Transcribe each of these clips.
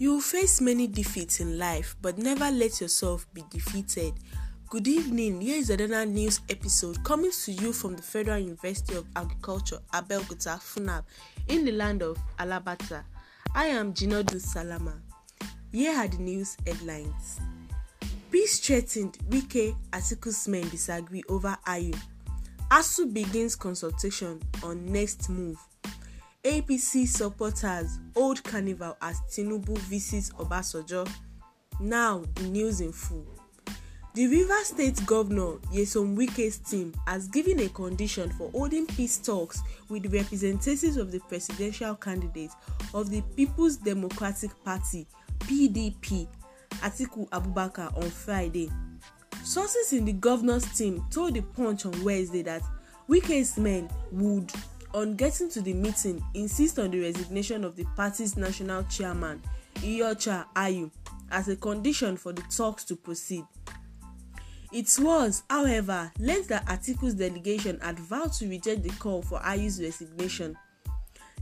You will face many defeats in life, but never let yourself be defeated. Good evening. Here is another news episode coming to you from the Federal University of Agriculture, Abel Funab, in the land of Alabata. I am Jinodu Salama. Here are the news headlines. Peace threatened, Wike Asiku's men disagree over Ayu. ASU begins consultation on next move. APC supporters hold carnival as Tinubu visits Obasanjo. Now, the news in full. The Rivers State Governor Yesom Wike's team has given a condition for holding peace talks with representatives of the presidential candidate of the People's Democratic Party PDP, Atiku Abubakar, on Friday. Sources in the governor's team told the Punch on Wednesday that Wike's men would on getting to the meeting insist on the resignation of the party's national chairman Iyocha Ayu as a condition for the talks to proceed. It was, however, late that Atiku's delegation had vowed to reject the call for Ayu's resignation.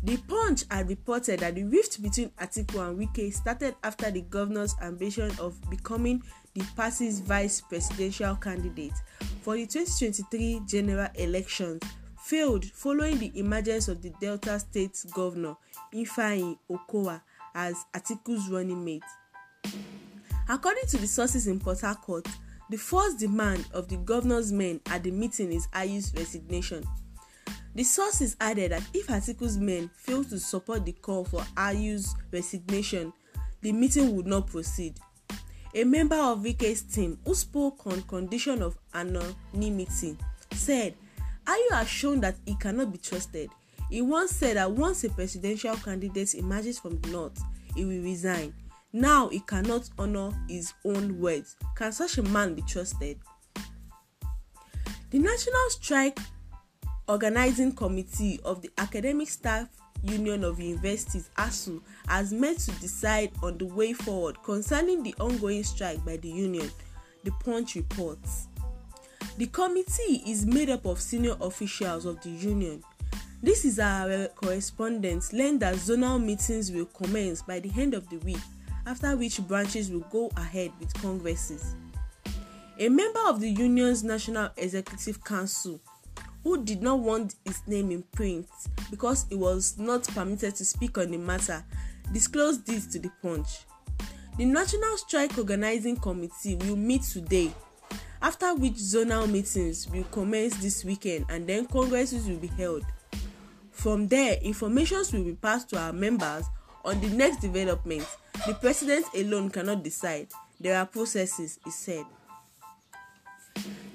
The Punch had reported that the rift between Atiku and Wike started after the governor's ambition of becoming the party's vice presidential candidate for the 2023 general elections failed following the emergence of the Delta State Governor Ifeanyi Okowa as Atiku's running mate. According to the sources in Port Harcourt, the first demand of the governor's men at the meeting is Ayu's resignation. The sources added that if Atiku's men fail to support the call for Ayu's resignation, the meeting would not proceed. A member of Vike's team who spoke on condition of anonymity said Ayu has shown that he cannot be trusted. He once said that once a presidential candidate emerges from the north, he will resign. Now he cannot honor his own words. Can such a man be trusted? The National Strike Organizing Committee of the Academic Staff Union of Universities ASU has met to decide on the way forward concerning the ongoing strike by the union, the Punch reports. The committee is made up of senior officials of the union. This is our correspondent learned that zonal meetings will commence by the end of the week, after which branches will go ahead with congresses. A member of the union's National Executive Council who did not want his name in print because he was not permitted to speak on the matter disclosed this to the punch. The National Strike Organizing Committee will meet today after which zonal meetings will commence this weekend and then congresses will be held. From there, informations will be passed to our members on the next developments. The president alone cannot decide. There are processes, he said.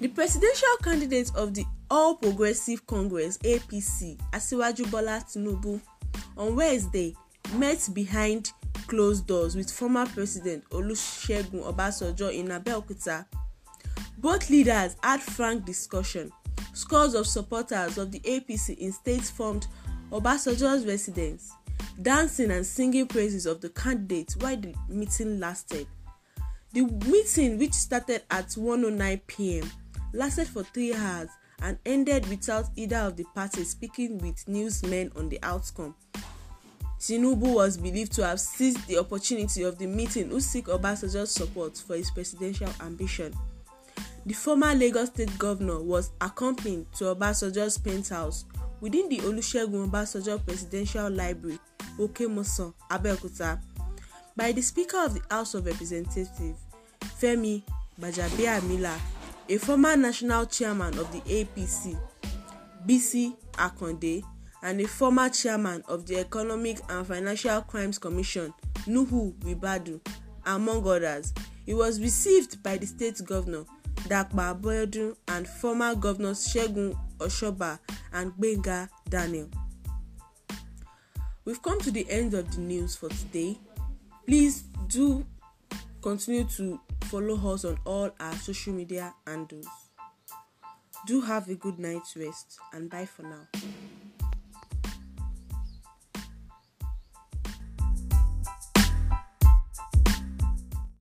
The presidential candidate of the All Progressive Congress APC, Asiwaju Bola Tinubu, on Wednesday met behind closed doors with former President Olusegun Obasanjo in Abeokuta Both leaders had frank discussion. Scores of supporters of the APC in states formed Obasanjo's residence, dancing and singing praises of the candidates while the meeting lasted. The meeting, which started at 1:09 p.m., lasted for three hours and ended without either of the parties speaking with newsmen on the outcome. Tinubu was believed to have seized the opportunity of the meeting to seek Obasanjo's support for his presidential ambition. The former Lagos state governor was accompanied to Obasanjo's penthouse within the Olusegun Obasanjo Presidential Library, Okemosan, Abeokuta, by the Speaker of the House of Representatives, Femi Gbajabiamila, a former national chairman of the APC, BC Akonde, and a former chairman of the Economic and Financial Crimes Commission, Nuhu Ribadu, among others. He was received by the state governor Dagba Boyodun and former governors Segun Oshogba and Gbenga Daniel. We've come to the end of the news for today. Please do continue to follow us on all our social media handles. Do have a good night's rest and bye for now.